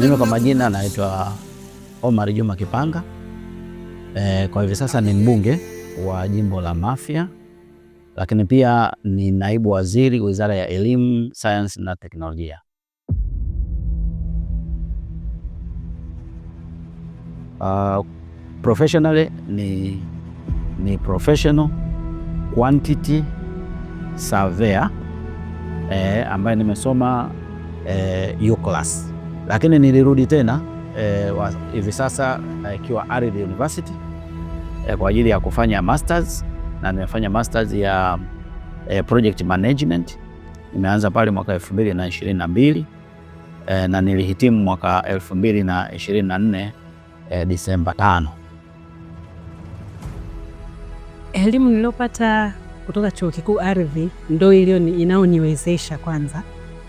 Mimi kwa majina naitwa Omar Juma Kipanga. E, kwa hivi sasa ni mbunge wa jimbo la Mafia, lakini pia ni naibu waziri Wizara ya Elimu, Sayansi na Teknolojia. Uh, professionally ni, ni professional quantity surveyor eh, ambaye nimesoma eh, class lakini nilirudi tena eh, hivi e, sasa eh, ikiwa Ardhi University e, kwa ajili ya kufanya masters na nimefanya masters ya e, project management. Nimeanza pale mwaka 2022 e, na nilihitimu mwaka 2024 e, Disemba 5. Elimu niliyopata kutoka chuo kikuu Ardhi ndio iliyo inaoniwezesha kwanza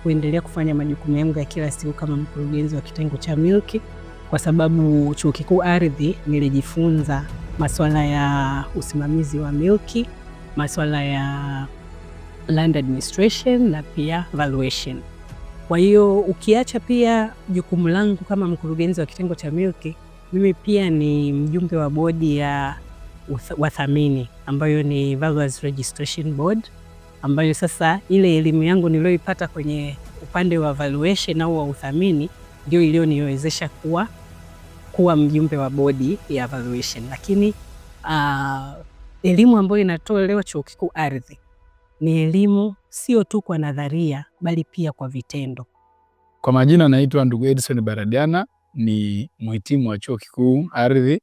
kuendelea kufanya majukumu yangu ya kila siku kama mkurugenzi wa kitengo cha milki, kwa sababu chuo kikuu ardhi nilijifunza masuala ya usimamizi wa milki, masuala ya land administration na pia valuation. Kwa hiyo ukiacha pia jukumu langu kama mkurugenzi wa kitengo cha milki, mimi pia ni mjumbe wa bodi ya wathamini ambayo ni Valuers Registration Board ambayo sasa ile elimu yangu niliyoipata kwenye upande wa valuation au wa uthamini ndio iliyoniwezesha kuwa kuwa mjumbe wa bodi ya valuation. Lakini uh, elimu ambayo inatolewa chuo kikuu ardhi ni elimu sio tu kwa nadharia, bali pia kwa vitendo. Kwa majina naitwa ndugu Edison Baradiana, ni mhitimu wa chuo kikuu ardhi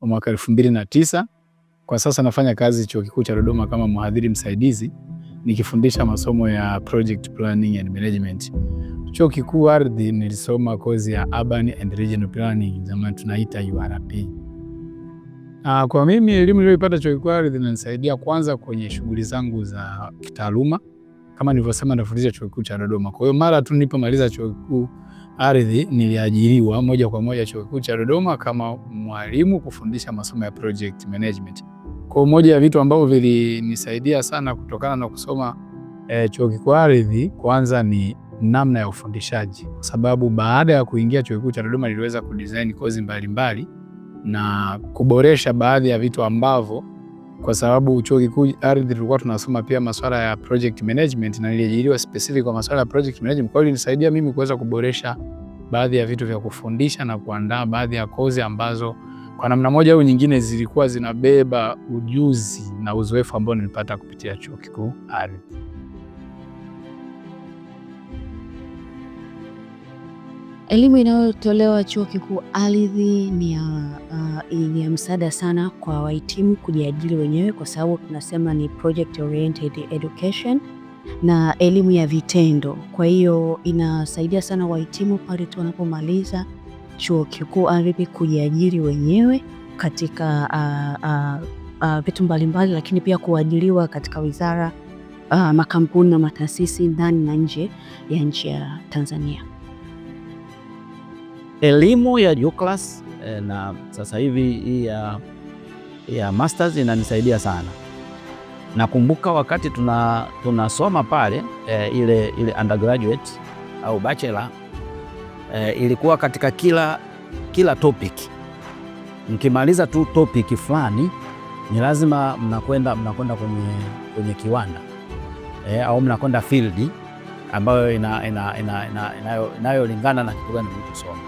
wa mwaka elfu mbili na tisa. Kwa sasa nafanya kazi chuo kikuu cha Dodoma kama mhadhiri msaidizi nikifundisha masomo ya project planning and management. Chuo Kikuu Ardhi nilisoma kozi ya urban and regional planning, zamani tunaita URP. Ah, kwa mimi elimu niliyoipata Chuo Kikuu Ardhi inanisaidia kwanza kwenye shughuli zangu za kitaaluma. Kama nilivyosema, nafundisha Chuo Kikuu cha Dodoma. Kwa hiyo mara tu nilipomaliza Chuo Kikuu Ardhi niliajiriwa moja kwa moja Chuo Kikuu cha Dodoma kama mwalimu kufundisha masomo ya project management. Kwa moja ya vitu ambavyo vilinisaidia sana kutokana na kusoma e, chuo kikuu ardhi, kwanza ni namna ya ufundishaji, kwa sababu baada ya kuingia chuo kikuu cha Dodoma niliweza kudesign kozi mbalimbali na kuboresha baadhi ya vitu ambavyo, kwa sababu chuo kikuu ardhi tulikuwa tunasoma pia masuala ya project management na niliajiriwa specific kwa masuala ya project management. Kwa hiyo ilinisaidia mimi kuweza kuboresha baadhi ya vitu vya kufundisha na kuandaa baadhi ya kozi ambazo kwa namna moja au nyingine zilikuwa zinabeba ujuzi na uzoefu ambao nilipata kupitia chuo kikuu Ardhi. Elimu inayotolewa chuo kikuu Ardhi ni ya uh, ni ya msaada sana kwa wahitimu kujiajiri wenyewe, kwa sababu tunasema ni project oriented education na elimu ya vitendo. Kwa hiyo inasaidia sana wahitimu pale tu wanapomaliza chuo kikuu RP ah, kujiajiri wenyewe katika ah, ah, vitu mbalimbali, lakini pia kuajiriwa katika wizara uh, makampuni na mataasisi ndani na nje ya nchi ya Tanzania. Elimu ya juu class eh, na sasa hivi hii ya, ya masters inanisaidia sana. Nakumbuka wakati tunasoma tuna pale eh, ile, ile undergraduate au bachelor eh, ilikuwa katika kila, kila topic. Mkimaliza tu topic fulani ni lazima mnakwenda mnakwenda kwenye, kwenye kiwanda eh, au mnakwenda field ambayo inayolingana ina, ina, ina, ina, ina ina na kitu gani mlichosoma.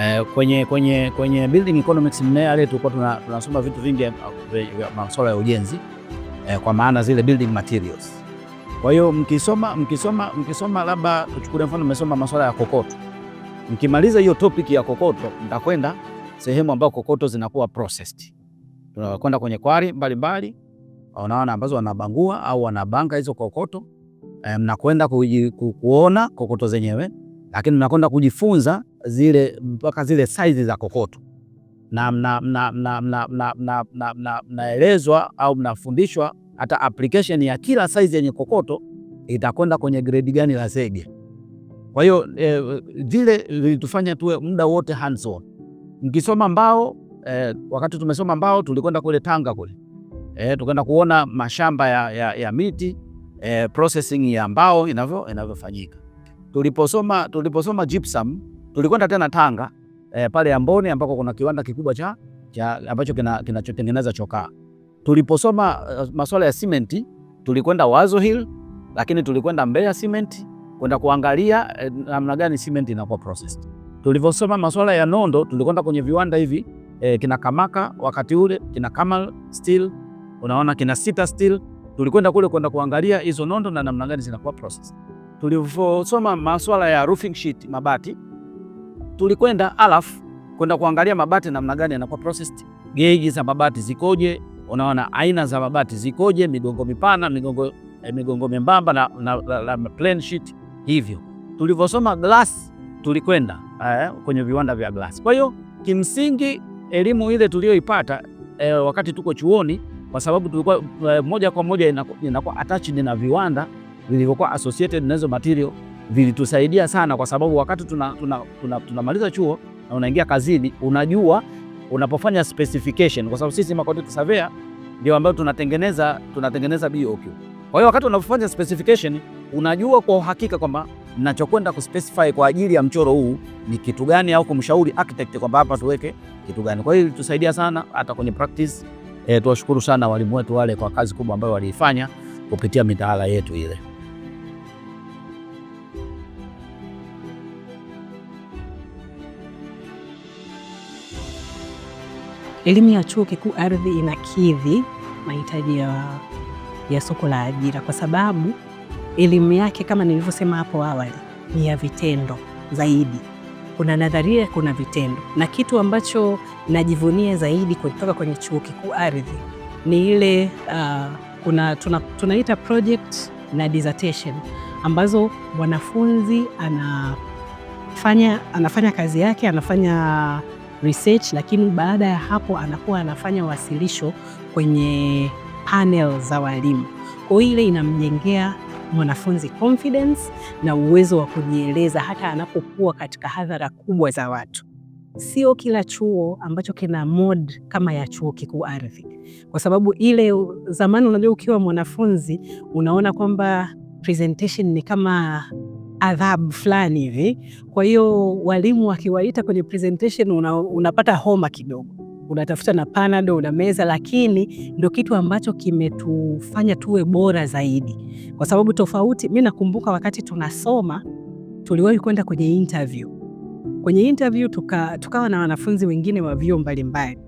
E, kwenye, kwenye, kwenye building economics mnaale tulikuwa tunasoma vitu vingi eh, vya masuala ya ujenzi eh, kwa maana zile building materials. Kwa hiyo mkisoma mkisoma mkisoma labda tuchukulie mfano mmesoma masuala ya kokoto Mkimaliza hiyo topic ya kokoto, nitakwenda sehemu ambayo kokoto zinakuwa processed. Tunakwenda kwenye kwari mbalimbali, wanaona ambazo wanabangua au wanabanga hizo kokoto e, mnakwenda kuona kokoto zenyewe, lakini mnakwenda kujifunza zile mpaka zile size za kokoto na mnaelezwa au mnafundishwa hata application ya kila size yenye kokoto itakwenda kwenye grade gani la zege. Kwa hiyo vile eh, vilitufanya tuwe muda wote hands on. Mkisoma mbao eh, wakati tumesoma mbao tulikwenda kule Tanga kule eh, tukaenda kuona mashamba ya, ya, ya miti eh, processing ya mbao inavyo inavyofanyika. Tuliposoma tuliposoma gypsum tulikwenda tena Tanga eh, pale Amboni ambako kuna kiwanda kikubwa cha, cha ambacho kinachotengeneza kina chokaa. Tuliposoma uh, masuala ya simenti tulikwenda Wazo Hill, lakini tulikwenda Mbeya Cement kwenda kuangalia eh, namna gani cement inakuwa processed. Tulivyosoma masuala ya nondo, tulikwenda kwenye viwanda hivi e, kina Kamaka wakati ule, kina Kamal Steel, unaona kina Sita Steel, tulikwenda kule kwenda kuangalia hizo nondo na namna gani zinakuwa processed. Tulivyosoma masuala ya roofing sheet, mabati, tulikwenda Alaf kwenda kuangalia mabati namna gani yanakuwa processed, geji za mabati zikoje, unaona aina za mabati zikoje, migongo mipana, migongo eh, migongo membamba na, na, na, na, plain sheet hivyo tulivyosoma glasi tulikwenda eh, kwenye viwanda vya glasi. Kwa hiyo kimsingi elimu ile tuliyoipata eh, wakati tuko chuoni, kwa sababu tulikuwa eh, moja kwa moja inakuwa attached na viwanda vilivyokuwa associated na hizo material, vilitusaidia sana, kwa sababu wakati tunamaliza tuna, tuna, tuna chuo na unaingia kazini, unajua unapofanya specification, kwa sababu sisi makondakta surveyor ndio ambayo tunatengeneza tunatengeneza BOQ. Kwa hiyo wakati unapofanya specification unajua kwa uhakika kwamba nachokwenda kuspecify kwa ajili ya mchoro huu ni kitu gani, au kumshauri architect kwamba hapa tuweke kitu gani. Kwa hiyo ilitusaidia sana hata kwenye practice. E, tuwashukuru sana walimu wetu wale kwa kazi kubwa ambayo waliifanya kupitia mitaala yetu ile. Elimu ya chuo kikuu ardhi inakidhi mahitaji ya, ya soko la ajira kwa sababu Elimu yake kama nilivyosema hapo awali ni ya vitendo zaidi, kuna nadharia, kuna vitendo, na kitu ambacho najivunia zaidi kutoka kwenye chuo kikuu Ardhi ni ile uh, kuna, tuna, tunaita project na dissertation ambazo mwanafunzi anafanya, anafanya kazi yake anafanya research, lakini baada ya hapo anakuwa anafanya wasilisho kwenye panel za walimu. Kwa hiyo ile inamjengea mwanafunzi confidence na uwezo wa kujieleza hata anapokuwa katika hadhara kubwa za watu. Sio kila chuo ambacho kina mod kama ya chuo kikuu Ardhi, kwa sababu ile zamani, unajua ukiwa mwanafunzi unaona kwamba presentation ni kama adhabu fulani hivi. Kwa hiyo walimu wakiwaita kwenye presentation una, unapata homa kidogo unatafuta na panado meza, lakini ndo kitu ambacho kimetufanya tuwe bora zaidi, kwa sababu tofauti. Mi nakumbuka wakati tunasoma tuliwahi kwenda kwenye interview. Kwenye interview tuka, tukawa na wanafunzi wengine wa vyuo mbalimbali,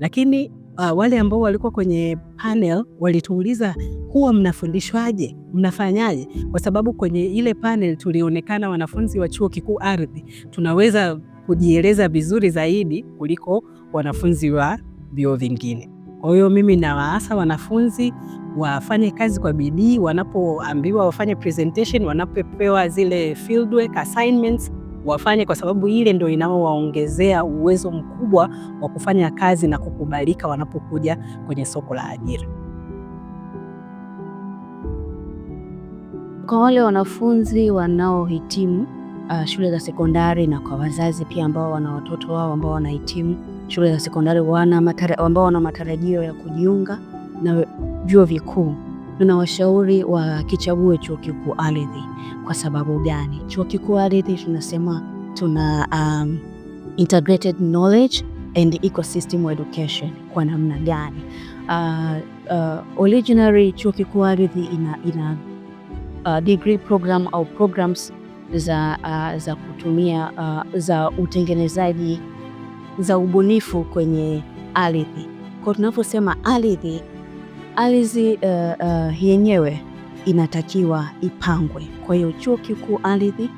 lakini uh, wale ambao walikuwa kwenye panel walituuliza huwa mnafundishwaje, mnafanyaje? Kwa sababu kwenye ile panel tulionekana wanafunzi wa chuo kikuu ardhi tunaweza kujieleza vizuri zaidi kuliko wanafunzi wa vyuo vingine. Kwa hiyo mimi nawaasa wanafunzi wafanye kazi kwa bidii, wanapoambiwa wafanye presentation, wanapopewa zile fieldwork assignments wafanye, kwa sababu ile ndio inaowaongezea uwezo mkubwa wa kufanya kazi na kukubalika wanapokuja kwenye soko la ajira. Kwa wale wanafunzi wanaohitimu uh, shule za sekondari na kwa wazazi pia ambao wana watoto wao ambao wanahitimu shule za sekondari ambao wana matarajio ya kujiunga na vyuo vikuu, tunawashauri wakichague chuo kikuu ardhi. Kwa sababu gani? Chuo kikuu ardhi tunasema tuna um, integrated knowledge and ecosystem education. Kwa namna gani? Uh, uh, originally chuo kikuu ardhi ina, ina uh, degree program au programs za, uh, za kutumia uh, za utengenezaji za ubunifu kwenye ardhi. Kwa tunavyosema ardhi, ardhi uh, uh, yenyewe inatakiwa ipangwe. Kwa hiyo chuo kikuu ardhi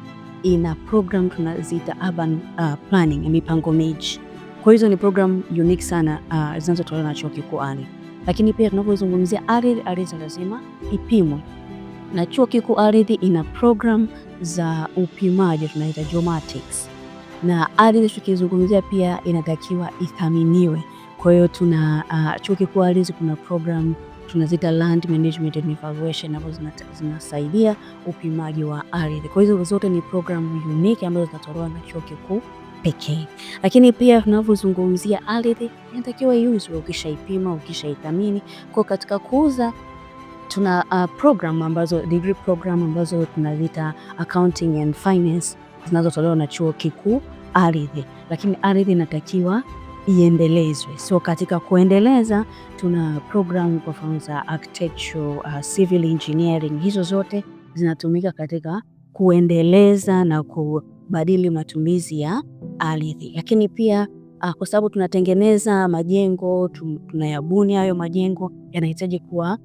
ina program tunaziita urban uh, planning, mipango miji. Kwa hizo ni program unique sana uh, zinazotolewa na chuo kikuu ardhi, lakini pia tunavyozungumzia ardhi, ardhi lazima ipimwe na chuo kikuu ardhi ina program za upimaji tunaita geomatics na ardhi tukizungumzia pia inatakiwa ithaminiwe. Kwa hiyo tuna uh, chuo kikuu ardhi, kuna program tunazita land management and evaluation ambazo zinasaidia upimaji wa ardhi. Kwa hizo zote ni program unique ambazo zinatolewa na chuo kikuu pekee. Lakini pia tunavyozungumzia ardhi inatakiwa iuzwe, ukishaipima ukishaithamini. Kwa katika kuuza tuna uh, program ambazo degree program ambazo tunazita accounting and finance zinazotolewa na chuo kikuu ardhi, lakini ardhi inatakiwa iendelezwe. So katika kuendeleza tuna programu kwa mfano za architecture, uh, civil engineering, hizo zote zinatumika katika kuendeleza na kubadili matumizi ya ardhi, lakini pia uh, kwa sababu tunatengeneza majengo tunayabuni hayo majengo yanahitaji kuwa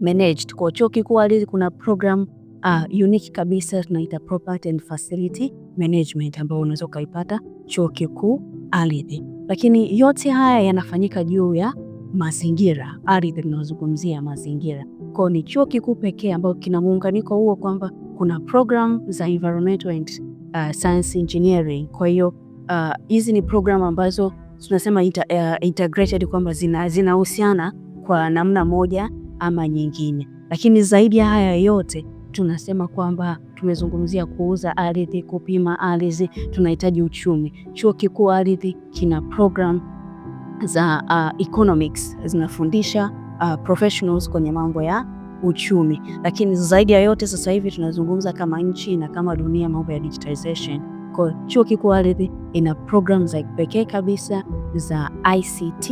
managed. Kwa chuo kikuu ardhi kuna program uh, unique kabisa tunaita property and facility management ambayo unaweza ukaipata chuo kikuu ardhi. Lakini yote haya yanafanyika juu ya mazingira, ardhi tunazungumzia mazingira. Kwao ni chuo kikuu pekee ambayo kina muunganiko huo kwamba kuna program za environmental and uh, science engineering. Kwa hiyo uh, hizi uh, ni program ambazo tunasema inter, uh, integrated kwamba zinahusiana zina kwa namna moja ama nyingine, lakini zaidi ya haya yote tunasema kwamba tumezungumzia kuuza ardhi, kupima ardhi, tunahitaji uchumi. Chuo Kikuu Ardhi kina program za uh, economics zinafundisha uh, professionals kwenye mambo ya uchumi, lakini zaidi ya yote sasa hivi tunazungumza kama nchi na kama dunia mambo ya digitalization. Kwa Chuo Kikuu Ardhi ina program za kipekee kabisa za ICT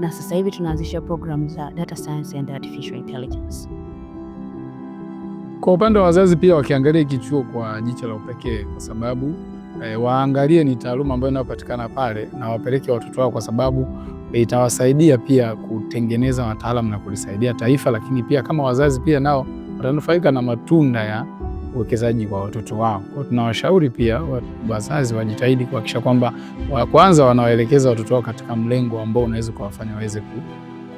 na sasa hivi tunaanzisha program za data science and artificial intelligence. Kwa upande wa wazazi pia wakiangalia hiki chuo kwa jicho la upekee, kwa sababu e, waangalie ni taaluma ambayo inayopatikana pale na wapeleke watoto wao, kwa sababu itawasaidia pia kutengeneza wataalamu na kulisaidia taifa, lakini pia kama wazazi pia nao watanufaika na matunda ya uwekezaji kwa watoto wao. Kwa tunawashauri pia wazazi wajitahidi kuhakikisha kwamba kwanza wanawaelekeza watoto wao katika mlengo ambao unaweza kuwafanya waweze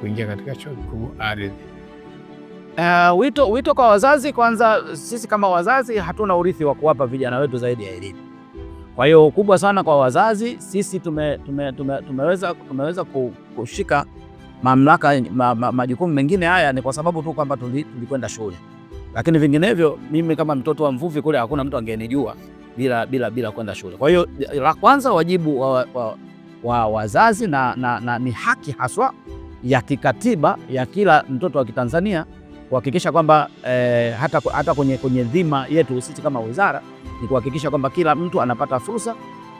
kuingia katika chuo kikuu ardhi. Uh, wito, wito kwa wazazi kwanza, sisi kama wazazi hatuna urithi wa kuwapa vijana wetu zaidi ya elimu. Kwa hiyo kubwa sana kwa wazazi sisi tume, tume, tume, tumeweza, tumeweza kushika mamlaka ma, ma, majukumu mengine haya ni kwa sababu tu kwamba tulikwenda shule, lakini vinginevyo mimi kama mtoto wa mvuvi kule hakuna mtu angenijua bila, bila, bila kwenda shule. Kwa hiyo la kwanza wajibu wa, wa, wa wazazi na, na, na ni haki haswa ya kikatiba ya kila mtoto wa Kitanzania kuhakikisha kwamba eh, hata, hata kwenye, kwenye dhima yetu sisi kama wizara ni kuhakikisha kwamba kila mtu anapata fursa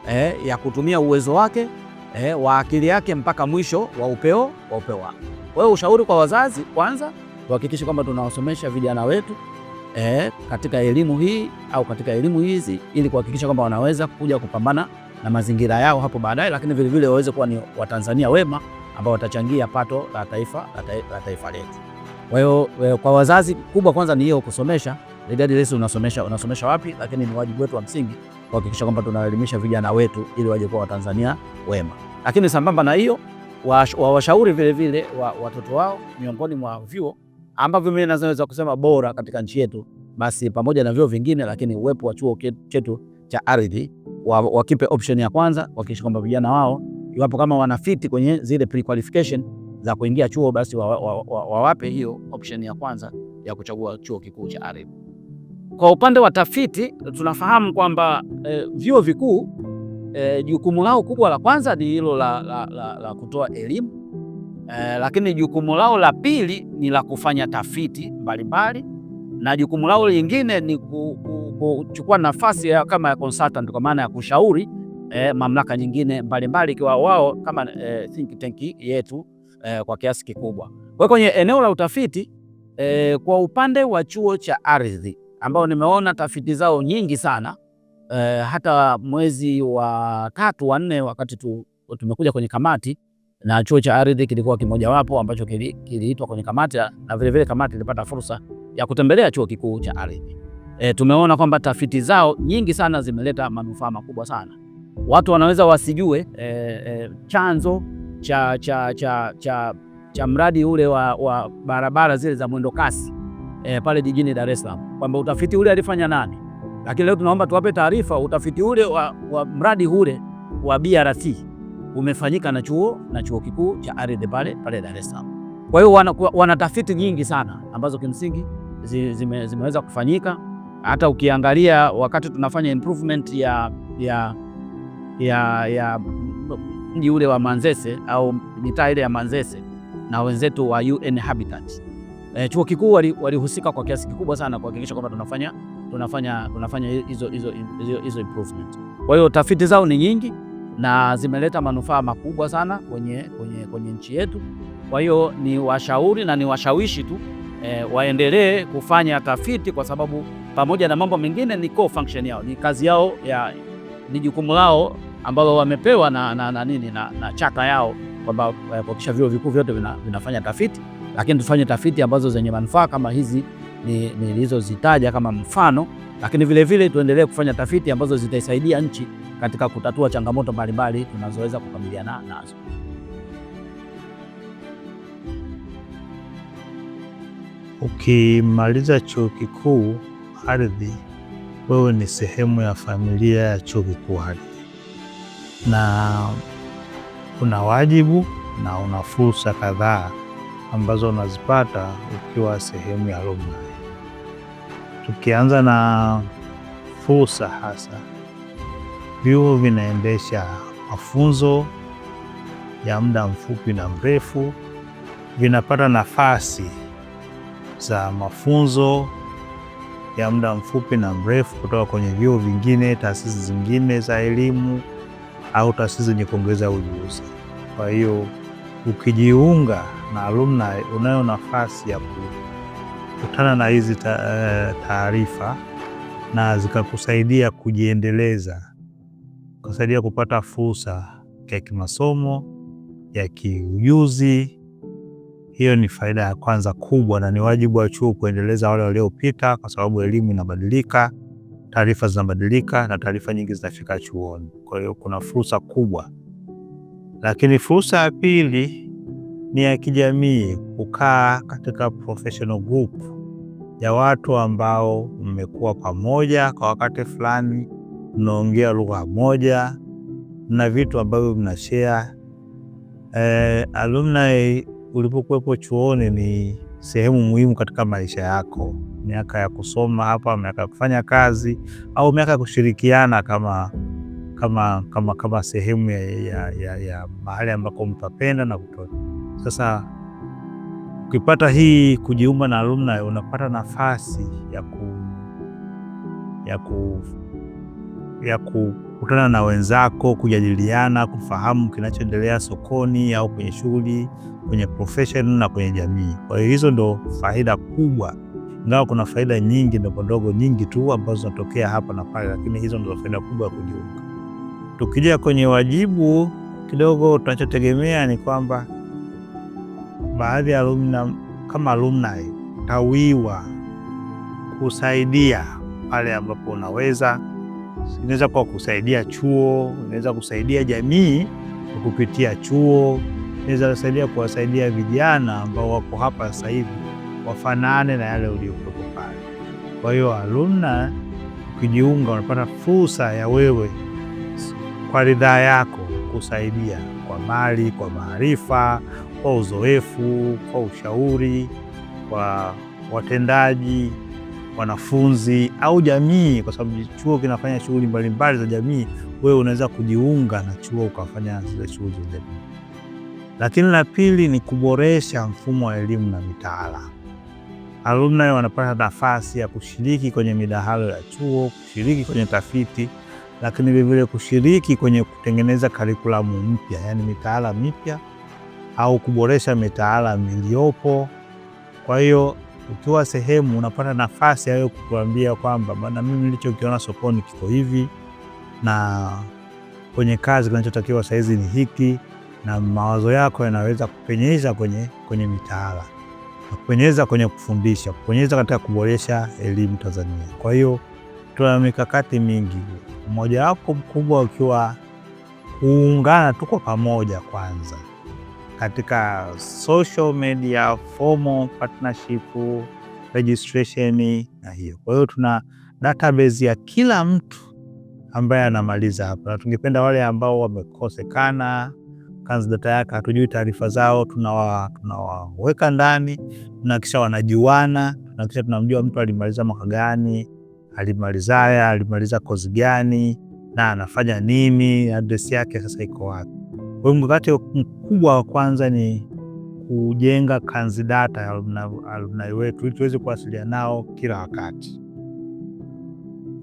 eh, ya kutumia uwezo wake eh, wa akili yake mpaka mwisho wa upeo wa upeo wake. Kwa hiyo ushauri kwa wazazi kwanza, tuhakikishe kwamba tunawasomesha vijana wetu eh, katika elimu hii au katika elimu hizi ili kuhakikisha kwamba wanaweza kuja kupambana na mazingira yao hapo baadaye, lakini vilevile waweze kuwa ni Watanzania wema ambao watachangia pato la taifa la taifa letu. Kwa hiyo eh, kwa wazazi, kubwa kwanza ni hiyo kusomesha, idadi unasomesha, unasomesha wapi, lakini ni wajibu wetu wa msingi kuhakikisha kwamba tunaelimisha vijana wetu ili waje kuwa Watanzania wema, lakini sambamba na hiyo wawashauri wa vilevile wa, watoto wao miongoni mwa vyuo ambavyo mimi naweza kusema bora katika nchi yetu, basi pamoja na vyuo vingine, lakini uwepo wa chuo chetu cha ardhi wakipe wa option ya kwanza, kuhakikisha kwamba vijana wao iwapo kama wanafiti kwenye zile pre-qualification za kuingia chuo, basi wawape wa, wa, wa, hiyo option ya kwanza ya kuchagua chuo kikuu cha Arab. Kwa upande wa tafiti tunafahamu kwamba eh, vyuo vikuu eh, jukumu lao kubwa la kwanza ni hilo la, la, la, la kutoa elimu eh, lakini jukumu lao la pili ni la kufanya tafiti mbalimbali na jukumu lao lingine ni kuchukua nafasi ya kama ya consultant kwa maana ya kushauri eh, mamlaka nyingine mbalimbali ikiwa wao kama eh, think tank yetu eh, kwa kiasi kikubwa. Kwa kwenye eneo la utafiti eh, kwa upande wa chuo cha ardhi ambao nimeona tafiti zao nyingi sana eh, hata mwezi wa tatu wa nne wakati tu, tumekuja kwenye kamati na chuo cha ardhi kilikuwa kimojawapo ambacho kiliitwa kwenye kamati na vilevile vile kamati ilipata fursa ya kutembelea chuo kikuu cha ardhi. E, tumeona kwamba tafiti zao nyingi sana zimeleta manufaa makubwa sana. Watu wanaweza wasijue e, e, chanzo cha, cha, cha, cha, cha mradi ule wa, wa barabara zile za mwendo kasi e, pale jijini Dar es Salaam kwamba utafiti ule alifanya nani, lakini leo tunaomba tuwape taarifa utafiti ule wa, wa mradi ule wa BRT umefanyika na chuo na chuo kikuu cha ardhi pale pale Dar es Salaam. Kwa hiyo wana, wana tafiti nyingi sana ambazo kimsingi zime, zimeweza kufanyika. Hata ukiangalia wakati tunafanya improvement ya, ya, ya, ya mji ule wa Manzese au mitaa ile ya Manzese na wenzetu wa UN Habitat. E, chuo kikuu walihusika wali kwa kiasi kikubwa sana kuhakikisha kwamba tunafanya tunafanya tunafanya hizo hizo hizo improvement. Kwa hiyo tafiti zao ni nyingi na zimeleta manufaa makubwa sana kwenye, kwenye, kwenye nchi yetu. Kwa hiyo ni washauri na ni washawishi tu e, waendelee kufanya tafiti kwa sababu pamoja na mambo mengine ni co function yao, ni kazi yao ya, ni jukumu lao ambao wamepewa na, na, na, nini na, na chaka yao kwamba eh, kuhakikisha vyuo vikuu vyote vina, vinafanya tafiti, lakini tufanye tafiti ambazo zenye manufaa kama hizi nilizozitaja ni kama mfano, lakini vilevile tuendelee kufanya tafiti ambazo zitaisaidia nchi katika kutatua changamoto mbalimbali tunazoweza kukabiliana nazo. Ukimaliza chuo kikuu Ardhi, wewe ni sehemu ya familia ya chuo kikuu Ardhi na una wajibu na una fursa kadhaa ambazo unazipata ukiwa sehemu ya alumni. Tukianza na fursa, hasa vyuo vinaendesha mafunzo ya muda mfupi na mrefu, vinapata nafasi za mafunzo ya muda mfupi na mrefu kutoka kwenye vyuo vingine, taasisi zingine za elimu au taasisi zenye kuongeza ujuzi. Kwa hiyo ukijiunga na alumni, unayo nafasi ya kukutana na hizi eh, taarifa na zikakusaidia kujiendeleza, kusaidia kupata fursa ya kimasomo, ya kiujuzi. Hiyo ni faida ya kwanza kubwa, na ni wajibu wa chuo kuendeleza wale waliopita, kwa sababu elimu inabadilika taarifa zinabadilika na taarifa nyingi zinafika chuoni. Kwa hiyo kuna fursa kubwa, lakini fursa ya pili ni ya kijamii, kukaa katika professional group ya watu ambao mmekuwa pamoja kwa wakati fulani, mnaongea lugha moja na vitu ambavyo mnashare. Eh, alumni ulipokuwepo chuoni ni sehemu muhimu katika maisha yako, miaka ya kusoma hapa, miaka ya kufanya kazi, au miaka ya kushirikiana kama, kama, kama, kama sehemu ya, ya, ya, ya mahali ambako mtapenda na kutoa. Sasa ukipata hii kujiunga na alumni, unapata nafasi ya ku, ya ku ya kukutana na wenzako, kujadiliana, kufahamu kinachoendelea sokoni au kwenye shughuli, kwenye profession na kwenye jamii. Kwa hiyo hizo ndo faida kubwa, ingawa kuna faida nyingi ndogondogo nyingi tu ambazo zinatokea hapa na pale, lakini hizo ndo faida kubwa ya kujiunga. Tukija kwenye wajibu kidogo, tunachotegemea ni kwamba baadhi ya alumna kama alumni tawiwa kusaidia pale ambapo unaweza inaweza kwa kusaidia chuo, inaweza kusaidia jamii kupitia chuo, inaweza kusaidia kuwasaidia vijana ambao wako hapa sasa hivi wafanane na yale uliokuwepo pale. Kwa hiyo alumna, ukijiunga unapata fursa ya wewe kwa ridhaa yako kusaidia kwa mali, kwa maarifa, kwa uzoefu, kwa ushauri, kwa watendaji wanafunzi au jamii, kwa sababu chuo kinafanya shughuli mbalimbali za jamii. Wewe unaweza kujiunga na chuo ukafanya zile shughuli za jamii. Lakini la pili ni kuboresha mfumo wa elimu na mitaala. Alumni wanapata nafasi ya kushiriki kwenye midahalo ya chuo, kushiriki kwenye tafiti, lakini vilevile kushiriki kwenye kutengeneza karikulamu mpya, yaani mitaala mipya au kuboresha mitaala iliyopo. Kwa hiyo ukiwa sehemu unapata nafasi ya kukuambia kwamba bana, mimi nilichokiona sokoni kiko hivi, na kwenye kazi kinachotakiwa sahizi ni hiki, na mawazo yako yanaweza kupenyeza kwenye, kwenye mitaala na kupenyeza kwenye kufundisha, kupenyeza katika kuboresha elimu Tanzania. Kwa hiyo tuna mikakati mingi, mmojawapo mkubwa ukiwa kuungana, tuko pamoja kwanza katika social media, formal partnership, registration na hiyo. Kwa hiyo tuna database ya kila mtu ambaye anamaliza hapa, na tungependa wale ambao wamekosekana kanzi data yake, hatujui taarifa zao, tunawaweka tunawa ndani, tunahakikisha wanajuana, tunahakikisha tunamjua mtu alimaliza mwaka gani, alimalizaya, alimaliza kozi gani na anafanya nini, adresi yake sasa iko wapi. Kwa hiyo mkakati mkubwa wa kwanza ni kujenga kanzidata ya alumni wetu ili tuweze kuwasiliana nao kila wakati.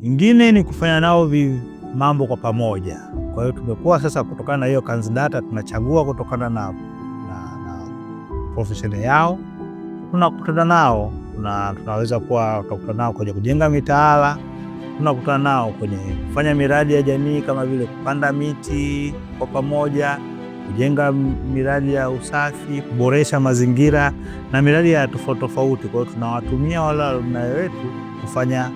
Ingine ni kufanya nao mambo kwa pamoja. Kwa hiyo tumekuwa sasa, kutokana na hiyo data, tunachagua kutokana na, na, na profesheni yao, tunakutana nao na tunaweza kuwa tunakutana nao kwenye kujenga mitaala, tunakutana nao kwenye kufanya miradi ya jamii kama vile kupanda miti kwa pamoja kujenga miradi ya usafi, kuboresha mazingira na miradi ya tofauti tofauti. Kwa hiyo tunawatumia wale alumni wetu kufanya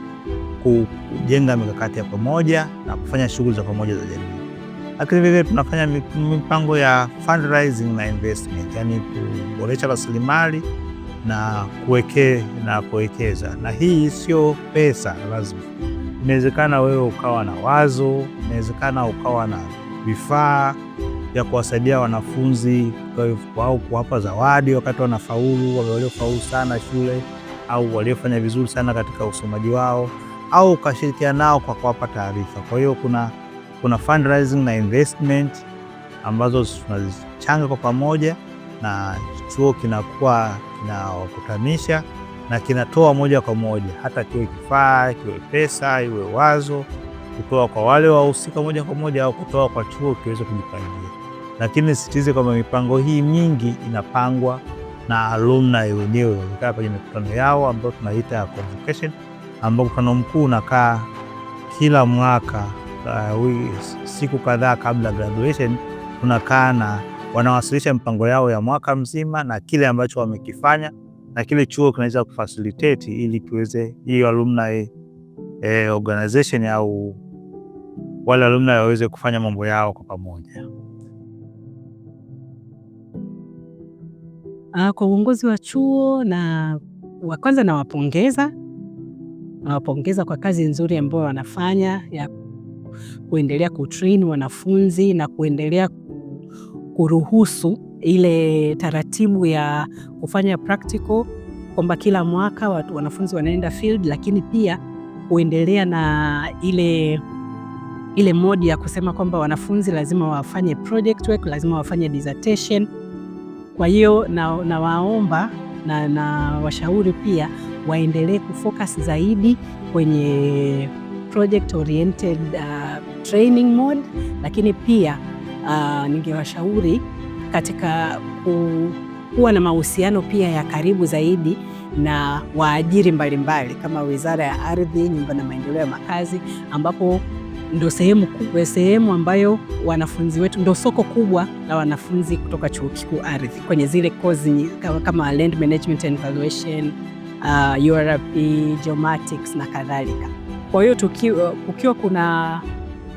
kujenga mikakati ya pamoja na kufanya shughuli za pamoja za jamii, lakini vile tunafanya mipango ya fundraising na investment, yani kuboresha rasilimali na kuweke na kuwekeza. Na hii sio pesa lazima, inawezekana wewe ukawa na wazo, inawezekana ukawa na vifaa ya kuwasaidia wanafunzi au kuwapa zawadi wakati wanafaulu, waliofaulu sana shule au waliofanya vizuri sana katika usomaji wao, au ukashirikiana nao kwa kuwapa taarifa. Kwa hiyo kuna, kuna fundraising na investment ambazo tunazichanga kwa pamoja na chuo kinakuwa kinawakutanisha na kinatoa moja kwa moja, hata kiwe kifaa, kiwe pesa, iwe wazo, kutoa kwa wale wahusika moja kwa moja au kutoa kwa chuo kiweze kujipangia lakini nisitize kwamba mipango hii mingi inapangwa na alumni wenyewe, wamekaa kwenye mikutano yao ambayo tunaita ya convocation, ambao mkutano mkuu unakaa kila mwaka uh, siku kadhaa kabla graduation, tunakaa na wanawasilisha mipango yao ya mwaka mzima na kile ambacho wamekifanya na kile chuo kinaweza kufacilitate ili kiweze hiyo alumni eh, organization au wale alumni waweze kufanya mambo yao kwa pamoja. Uh, kwa uongozi wa chuo na wa kwanza nawapongeza, nawapongeza kwa kazi nzuri ambayo wanafanya ya kuendelea kutrain wanafunzi na kuendelea kuruhusu ile taratibu ya kufanya practical kwamba kila mwaka watu wanafunzi wanaenda field, lakini pia kuendelea na ile ile modi ya kusema kwamba wanafunzi lazima wafanye project work, lazima wafanye dissertation kwa hiyo nawaomba na, na, na washauri pia waendelee kufocus zaidi kwenye project oriented uh, training mode, lakini pia uh, ningewashauri katika kuwa na mahusiano pia ya karibu zaidi na waajiri mbalimbali mbali, kama Wizara ya Ardhi, Nyumba na Maendeleo ya Makazi ambapo ndo sehemu kubwa, eh, sehemu ambayo wanafunzi wetu ndo soko kubwa la wanafunzi kutoka chuo kikuu ardhi kwenye zile kozi kama land management and valuation, uh, URP, eh, geomatics na kadhalika. Kwa hiyo eh, kukiwa kuna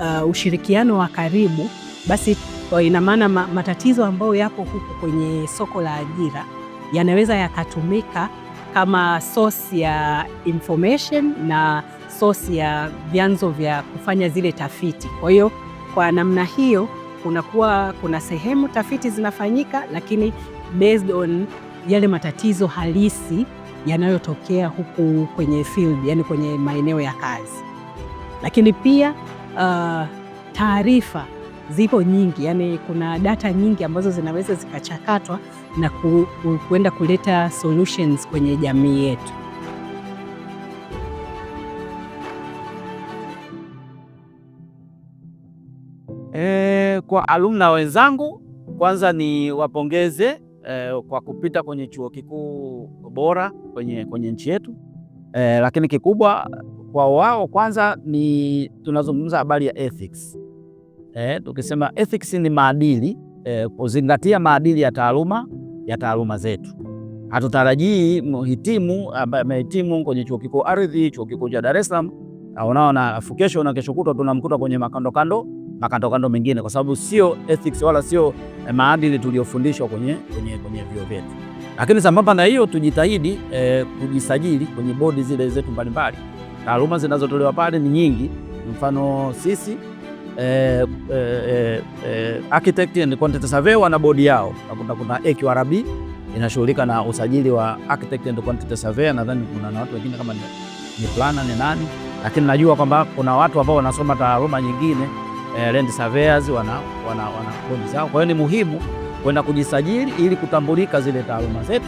uh, ushirikiano wa karibu, basi ina maana matatizo ambayo yapo huku kwenye soko la ajira yanaweza yakatumika kama source ya information na source ya vyanzo vya kufanya zile tafiti. Kwa hiyo kwa namna hiyo kunakuwa kuna sehemu tafiti zinafanyika, lakini based on yale matatizo halisi yanayotokea huku kwenye field, yani kwenye maeneo ya kazi. Lakini pia uh, taarifa zipo nyingi, yani kuna data nyingi ambazo zinaweza zikachakatwa na ku, kuenda kuleta solutions kwenye jamii yetu. E, kwa alumna wenzangu kwanza ni wapongeze e, kwa kupita kwenye chuo kikuu bora kwenye, kwenye nchi yetu e, lakini kikubwa kwa wao kwanza ni tunazungumza habari ya ethics. E, tukisema ethics ni maadili e, kuzingatia maadili ya taaluma ya taaluma zetu. Hatutarajii mhitimu ambaye amehitimu kwenye chuo kikuu Ardhi, chuo kikuu cha Dar es Salaam, unaona na kesho kutwa tunamkuta kwenye makando kando na makandokando mengine, kwa sababu sio ethics wala sio eh, maadili tuliyofundishwa kwenye, kwenye, kwenye vyuo vyetu. Lakini sambamba na hiyo tujitahidi eh, kujisajili kwenye bodi zile zetu mbalimbali. Taaluma zinazotolewa pale ni nyingi, mfano sisi eh, eh, eh, eh architect and content survey wana bodi yao. Kuna, kuna AQRB inashughulika na usajili wa architect and content survey, nadhani kuna na watu wengine kama ni, ni planner ni nani, lakini najua kwamba kuna watu ambao wanasoma taaluma nyingine eh, land surveyors wana wana wana bodi zao. Kwa hiyo ni muhimu kwenda kujisajili ili kutambulika zile taaluma zetu,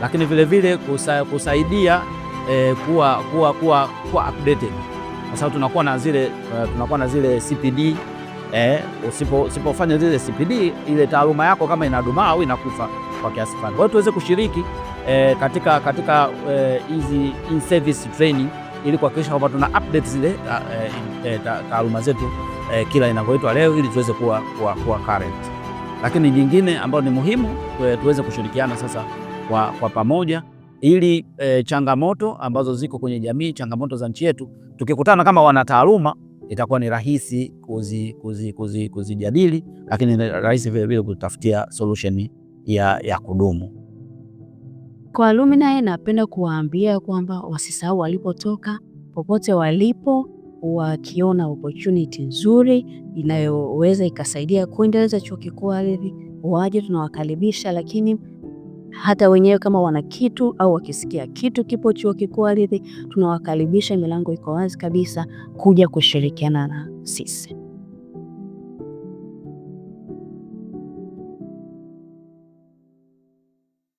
lakini vile vile kusa, kusaidia eh, kuwa, kuwa, kuwa, kuwa updated kwa sababu tunakuwa na zile uh, tunakuwa na zile CPD eh, usipo usipofanya zile CPD ile taaluma yako kama inadumaa au inakufa kwa kiasi fulani. Kwa hiyo tuweze kushiriki eh, katika katika eh, hizi eh, in service training ili kuhakikisha kwamba tuna update zile eh, eh, eh, taaluma zetu kila inavyoitwa leo ili tuweze kuwa, kuwa, kuwa current. Lakini nyingine ambayo ni muhimu tuweze kushirikiana sasa kwa, kwa pamoja ili e, changamoto ambazo ziko kwenye jamii, changamoto za nchi yetu, tukikutana kama wanataaluma itakuwa ni rahisi kuzijadili kuzi, kuzi, kuzi, lakini rahisi vilevile kutafutia solution ya, ya kudumu. Kwa alumni napenda kuwaambia kwamba wasisahau walipotoka, popote walipo, wakiona opportunity nzuri inayoweza ikasaidia kuendeleza chuo kikuu ardhi, waje tunawakaribisha. Lakini hata wenyewe kama wana kitu au wakisikia kitu kipo chuo kikuu ardhi, tunawakaribisha, milango iko wazi kabisa kuja kushirikiana na sisi.